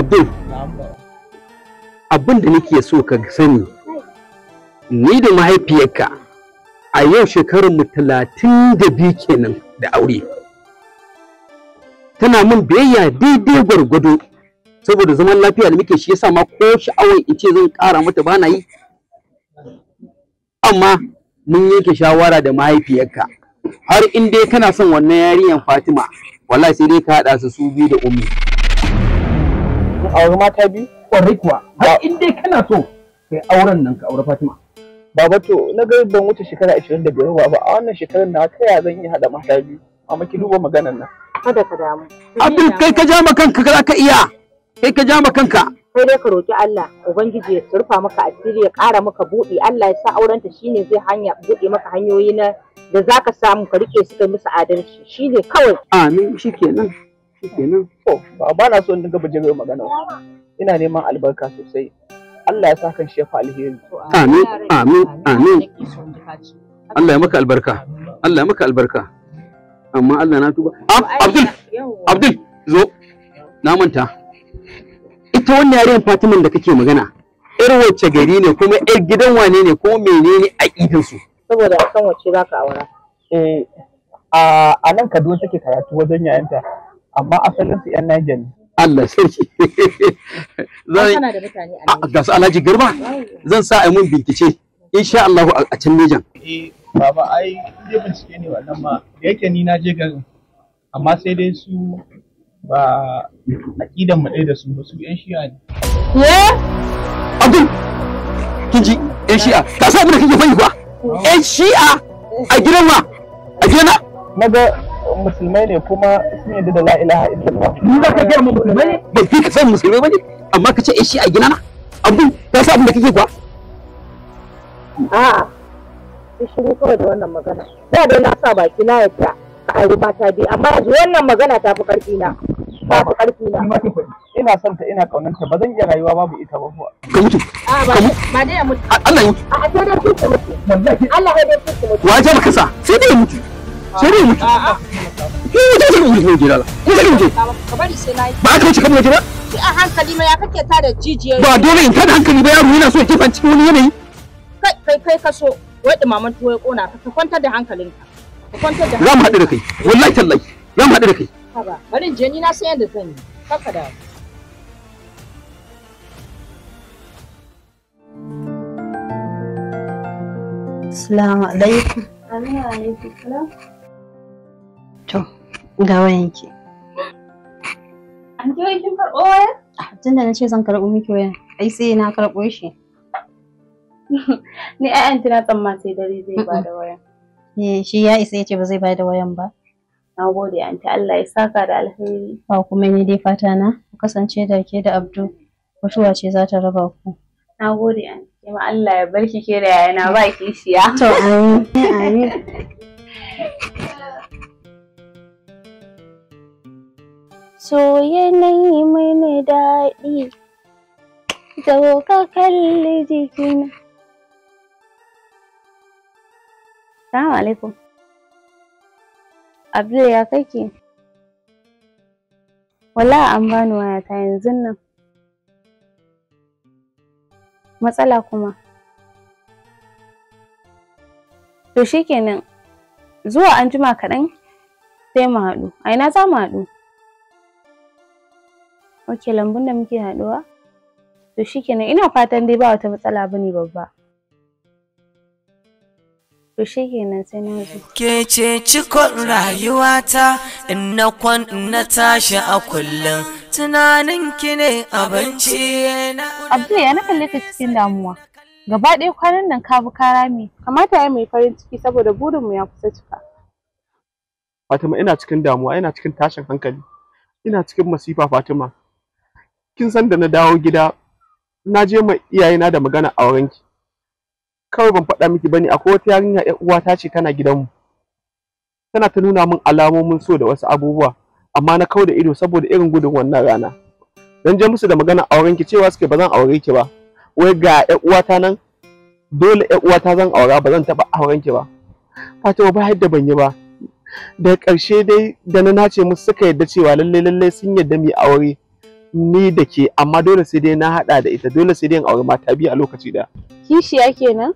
abdul abin da nake so ka sani ni da mahaifiyarka a yau shekarun mu talatin da biyu kenan da aure tana min biyayya daidai gwargwado saboda zaman lafiya da muke shi yasa ma ko sha'awar in ce zan kara mata bana yi amma mun yanke shawara da mahaifiyarka har in dai kana son wannan yarinyar Fatima wallahi sai dai ka haɗa su su biyu da ummi auri mata biyu? Kwarai kuwa, har in dai kana so kai auren nan ka aure Fatima. Baba to na ga ban wuce shekara 25 ba ba a wannan shekarar na ta ya zan iya hada mata biyu. Amma ki duba maganar nan. Kada ka damu. Abdul kai ka ja ma kanka ka ka iya. Kai ka ja ma kanka. Sai dai ka roki Allah, Ubangiji ya surfa maka asiri ya ƙara maka buɗi, Allah ya sa aurenta shine zai hanya buɗe maka hanyoyi na da zaka samu ka rike su kai musu adalci. Shine kawai. Amin shikenan. shikenan to ba ba na so in dinga bijirar magana ina neman albarka sosai Allah ya sa kan shefa alheri amin amin amin Allah ya maka albarka Allah ya maka albarka amma Allah na tuba Abdul Abdul zo na manta ita wannan yaren Fatiman da kake magana yar wacce gari ne kuma yar gidan wane ne ko menene aqidan su saboda a san wacce zaka aura eh a nan Kaduna take karatu wajen yayanta amma asalin su yan Niger ne Allah sarki zan ga su Alhaji Garba zan sa ai mun bincike insha Allah a can Niger eh baba ai je bincike ne wannan ma Da yake ni na je garin amma sai dai su ba aqidan mu dai da su ba su yan shi'a ne ye Abdul kinji yan shi'a ka sa abin da kake fayi ba yan shi'a a gidan ma a gidan na musulmai ne kuma sun yadda da la'ilaha, ilaha illallah ni za ka girma musulmai ne bai fi ka san musulmai bane amma ka ce eh, shi a gina na abin ya sa abin da kake kuwa a'a ki shiru kawai da wannan magana da dai na sa baki na yadda ka aure ta bi amma yanzu wannan magana ta fi karfi na ta fi karfi na ina son ta ina kaunar ta ba zan iya rayuwa babu ita ba kuwa ka mutu A'a ba ba ya mutu Allah ya mutu A'a, sai dai ku mutu Allah ya mutu Wajen maka sa sai dai ya mutu sai dai mutu ko ta ce mun mun gidala ko sai mun je ba ka ce ka mun gidala ki a hankali ma ya kake ta da jijiyoyi ba dole in ka da hankali ba yaro yana so ya kifan wani yanayi kai kai kai ka so wai dumaman tuwo ya kona ka ka kwantar da hankalinka ka kwantar da za mu haɗu da kai wallahi tallahi za mu haɗu da kai haba bari je ni na san yadda zan yi kaka da Assalamu alaikum. Assalamu alaikum. To, ga An ji kin karɓo ah, Tun da na ce zan karɓo miki wayar, ai sai na karɓo shi. Ni tsamma sai dare zai ba da wayan. Eh, shi ya isa ya ce ba zai ba da wayan ba. Na gode anti Allah ya saka da alheri. Ba kuma ni dai fata na ku kasance da ke da Abdu. Mutuwa ce za ta raba ku. Na gode anti. Kuma Allah ya barki ke da yayana ba kishiya. To amin. Amin. so yanayi mini daɗi zo ka kalli jikina Salamu alaikum Abdul ya kake Wala an bani wayata yanzun nan matsala kuma to shikenan zuwa anjima kaɗan sai mu haɗu a ina za mu haɗu ok lambun da muke haɗuwa to shikenan ina fatan dai ba wata matsala bane babba to shikenan sai na zo ke ce cikon rayuwata in na kwan na tashi a kullum tunanin ki ne abinci na Abdul ya na kalle ka cikin damuwa gaba ɗaya kwanan nan ka bi kara me kamata ya mai farin ciki saboda burin mu ya kusa cika Fatima ina cikin damuwa ina cikin tashin hankali ina cikin masifa Fatima kin san da na dawo gida na je ma iyayena da magana a wurinki kawai ban faɗa miki bane akwai wata yarinya ƴar uwata ce tana gidanmu tana ta nuna min alamomin so da wasu abubuwa amma na kau da ido saboda irin gudun wannan rana dan je musu da magana a wurinki cewa suke ba zan aure ki ba wai ga ƴar ta nan dole ƴar ta zan aura ba zan taɓa auren ki ba Fatima ba yadda ban yi ba da ƙarshe dai da na nace musu suka yadda cewa lalle lalle sun yadda mu aure ni da ke amma dole sai dai na haɗa da ita dole sai dai in aure mata biyu a lokaci ɗaya. Kishiya kenan?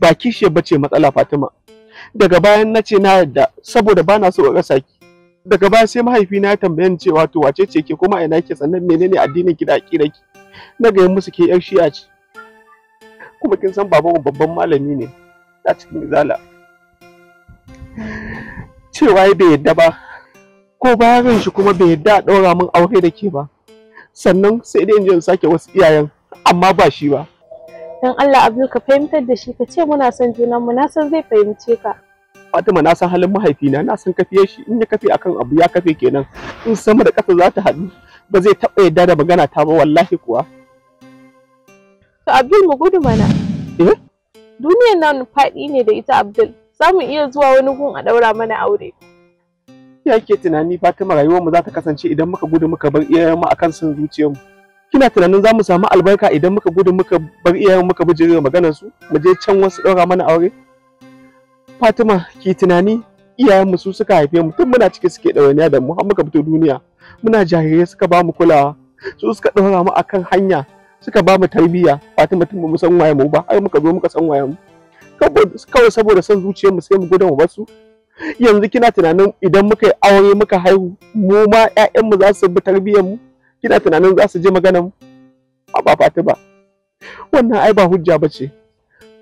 Ba kishiya bace matsala Fatima. Daga bayan na ce na yarda saboda ba na so in rasa ki. Daga baya sai mahaifina ya tambaye ni cewa to wace ce ke kuma ina ke sannan menene addinin ki da aƙida ki. Na ga musu ke yar shi'a ce. Kuma kin san babanmu babban malami ne a cikin zala Cewa bai yarda ba ko bayan ran shi kuma bai yadda a ɗaura min aure da ke ba sannan sai dai in sake wasu iyayen amma ba shi ba dan Allah Abdul ka fahimtar da shi ka ce muna son junan mu na san zai fahimce ka Fatima na san halin mahaifina na san kafiye shi in ya kafe akan abu ya kafe kenan in sama da ƙasa za ta haɗu ba zai taɓa yadda da magana ta ba wallahi kuwa to Abdul mu gudu mana eh duniyar nan faɗi ne da ita Abdul za mu iya zuwa wani gun a ɗaura mana aure ya ke tunani Fatima rayuwar mu za ta kasance idan muka gudu muka bar iyayen mu akan son zuciyar mu kina tunanin za mu samu albarka idan muka gudu muka bar iyayen muka jirgin maganar su mu je can wasu daura mana aure Fatima ki tunani iyayen mu su suka haife mu tun muna ciki suke ɗawainiya da mu har muka fito duniya muna jahilai suka ba mu kulawa su suka daura mu akan hanya suka ba mu tarbiyya Fatima tun mu san waye mu ba har muka zo muka san waye mu kawai saboda son zuciyar mu sai mu gudu mu bar su yanzu kina tunanin idan muka yi aure muka haihu mu ma ƴaƴanmu za su bi tarbiyyar mu kina tunanin za su je maganar mu a ba Fatima wannan ai ba hujja ba ce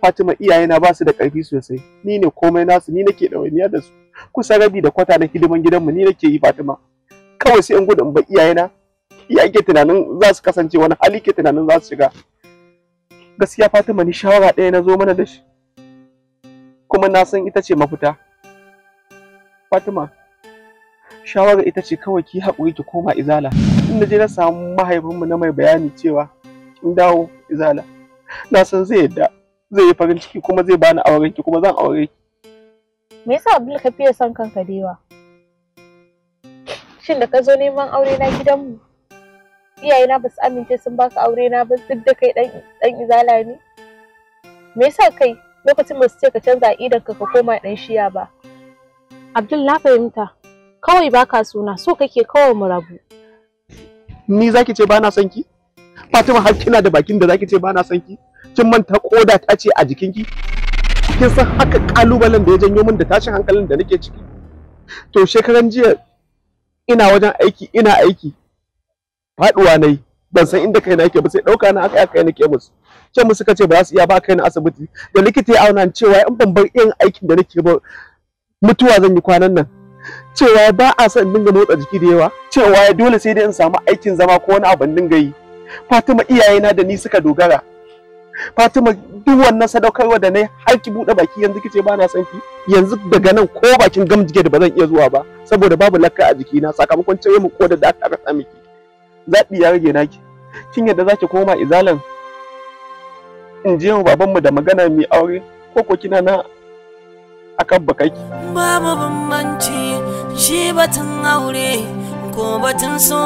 Fatima na ba su da ƙarfi sosai ni ne komai nasu ni nake ɗawainiya da su kusa rabi da kwata na hidiman gidanmu ni nake yi Fatima kawai sai in gudun ba iyayena iyaye ke tunanin za su kasance wani hali ke tunanin za su shiga gaskiya Fatima ni shawara ɗaya na zo mana da shi kuma na san ita ce mafita Fatima shawara ita ce kawai ki haƙuri ki koma izala in je na samu mahaifinmu na mai bayani cewa in dawo izala na san zai yadda zai yi farin ciki kuma zai bani auren ki kuma zan aure ki me yasa Abdul ka fiye son kanka da yawa shin da ka zo neman aure na gidanmu iyayena ba su amince sun baka aure na ba duk da kai dan izala ne me yasa kai lokacin ba su ce ka canza idan ka ka koma dan shiya ba Abdul na fahimta. Kawai baka suna so kake kawai mu rabu. Ni zaki ce ba na son ki? Fatima har kina da bakin da zaki ce ba na son ki? Kin manta koda ta ce a jikinki? Kin san haka kalubalen da ya janyo min da tashin hankalin da nake ciki? To shekaran jiya ina wajen aiki ina aiki faduwa na ban san inda kaina yake ba sai dauka na aka kai nake musu ce musu kace ba za su iya ba kai na asibiti da likita ya auna cewa in ban bar irin aikin da nake ba mutuwa zan yi kwanan nan cewa ba a son dinga motsa jiki da yawa cewa ya dole sai dai in samu aikin zama ko wani abin dinga yi fatima iyayena da ni suka dogara fatima duk wannan sadaukarwa da na har ki buɗe baki yanzu kice ba na son ki yanzu daga nan ko bakin gamjige da ba zan iya zuwa ba saboda babu lakka a jikina sakamakon cire mu kodar da aka rasa miki zabi ya rage naki kin yadda zaki koma izalan in je mu babanmu da magana mai aure ko ko kina na akan bakaki babu bambanci shi batun aure ko batun so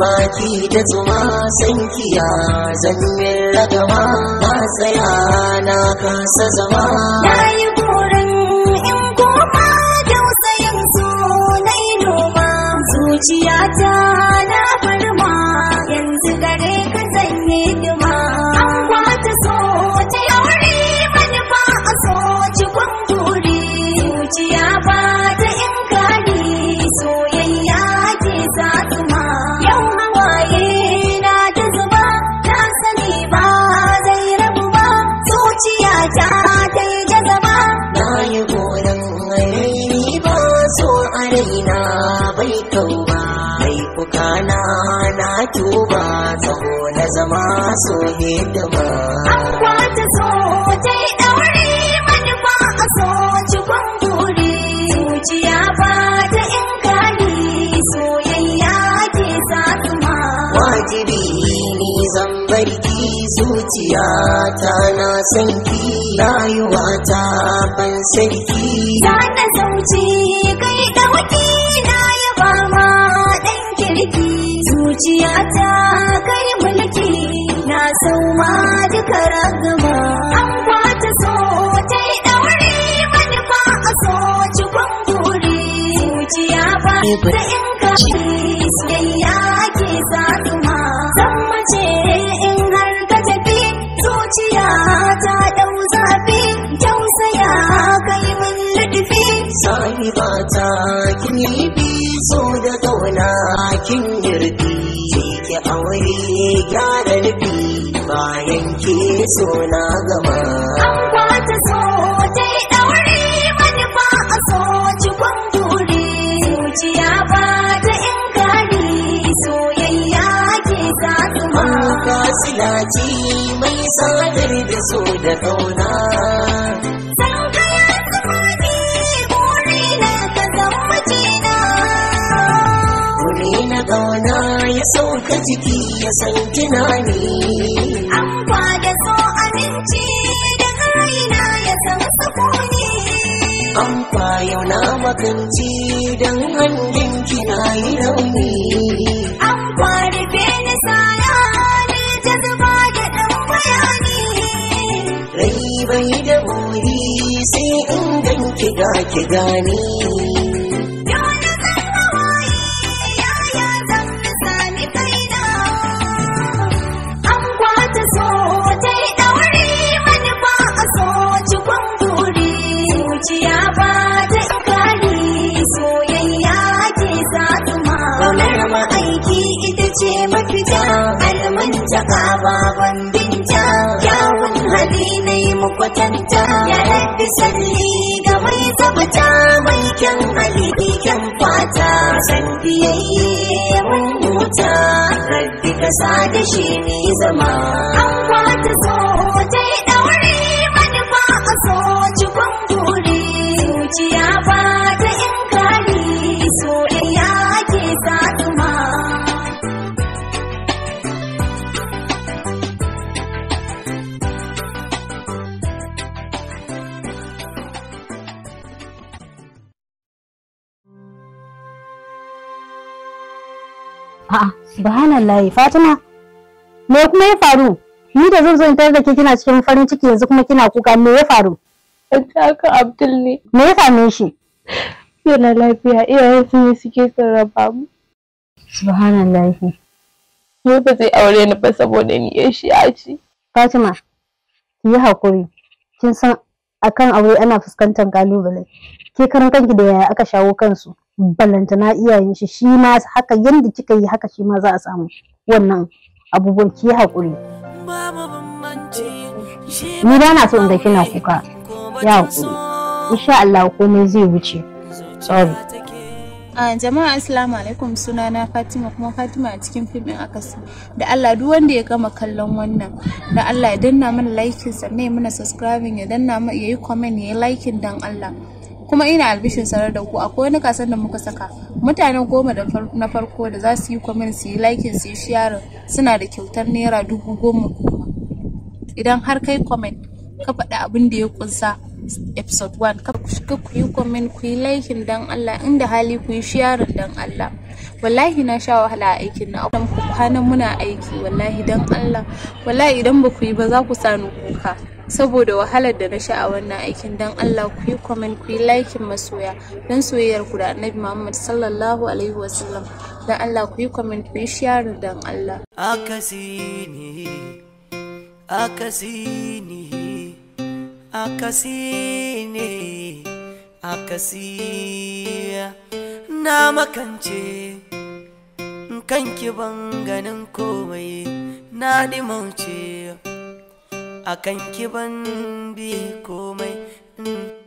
baki da zuma sankiya zannin ragama na tsaya na kasa zama na yi koren in koma tausayin su na yi noma zuciyata na farma yanzu gare ka zanye duma an kwata a gunguri ba duba tsaho na zama so ba? an kwata so ta yi daure mani ba a so cikon guri zuciya ba ta in gani soyayya ke satuma wajibi ni zan barki zuciya ta na sanki rayuwa ta ban sarki ta na sauci kai dauki na ta kai mulki na sauma duka ragama an kwata so ta yi daure manufa a so cikon guri zuciya ba ta in kashi soyayya ke ma. zan mace in har ka tafi zuciya ta dau zafi tausaya kai min lutufi sahibata kin yi bi so da kauna kin girki. wuri gyara nufi bayan ke so na gama an so ta yi ɗauri manufa a so ci kwangure zuciya ba ta in soyayya ke zazuma ka silaci mai sadar da su da ƙauna ya sauka jiki ya san tunani an kwada so aminci da raina ya san sukuni an yau na makanci don hannun kina yi rauni an kwada ni saya ne ta zuba da dan bayani rai bai da buri sai in ganki da ki gani mafita almanta ka binta kyawun hali na yi mu kwatanta ya rabbi salli ga mai tabbata mai kyan hali kyan fata san biyayye mun huta rabbi ka sa da shi ni zama an kwata wallahi Fatima me kuma ya faru ni da zan zo in da ke kina cikin farin ciki yanzu kuma kina kuka me ya faru haka Abdul ne me ya same shi yana lafiya iyayen su ne suke sarrafa mu subhanallah ni ba zai aure ni ba saboda ni ya shi a ci Fatima ki yi hakuri kin san akan aure ana fuskantar kalubale ke karan kanki da yaya aka shawo kansu na iyayen shi shi ma haka yadda kika yi haka shi ma za a samu wannan abubuwan ki haƙuri ni ba na so in ga kina kuka ya haƙuri insha Allah komai zai wuce sorry a jama'a assalamu alaikum Suna na fatima kuma fatima a cikin fim filmin akasi da allah duk wanda ya gama kallon wannan da allah ya danna mana likin sannan ya mana subscribing ya danna ya yi comment ya yi likin dan allah kuma ina albishin sanar da ku akwai wani kasan da muka saka mutane goma na farko da za su yi kwamin su yi laikin su yi sharing suna da kyautar naira dubu goma kuma idan har kai kwamin ka faɗi abin da ya kunsa episode 1 ka shiga ku yi kwamin ku yi laikin dan Allah inda hali ku yi sharing dan Allah wallahi na sha wahala a aikin na kwanan muna aiki wallahi dan Allah wallahi idan ba ku yi ba za ku sanu kuka saboda wahalar da na sha a wannan aikin don Allah ku yi comment ku yi likin masoya don soyayyar ku da Annabi Muhammad sallallahu alaihi wasallam don Allah ku yi comment ku yi share don Allah akasini akasini akasini akasiya na makance kanki ban ganin komai na nimance. akan kiban bi komai mm.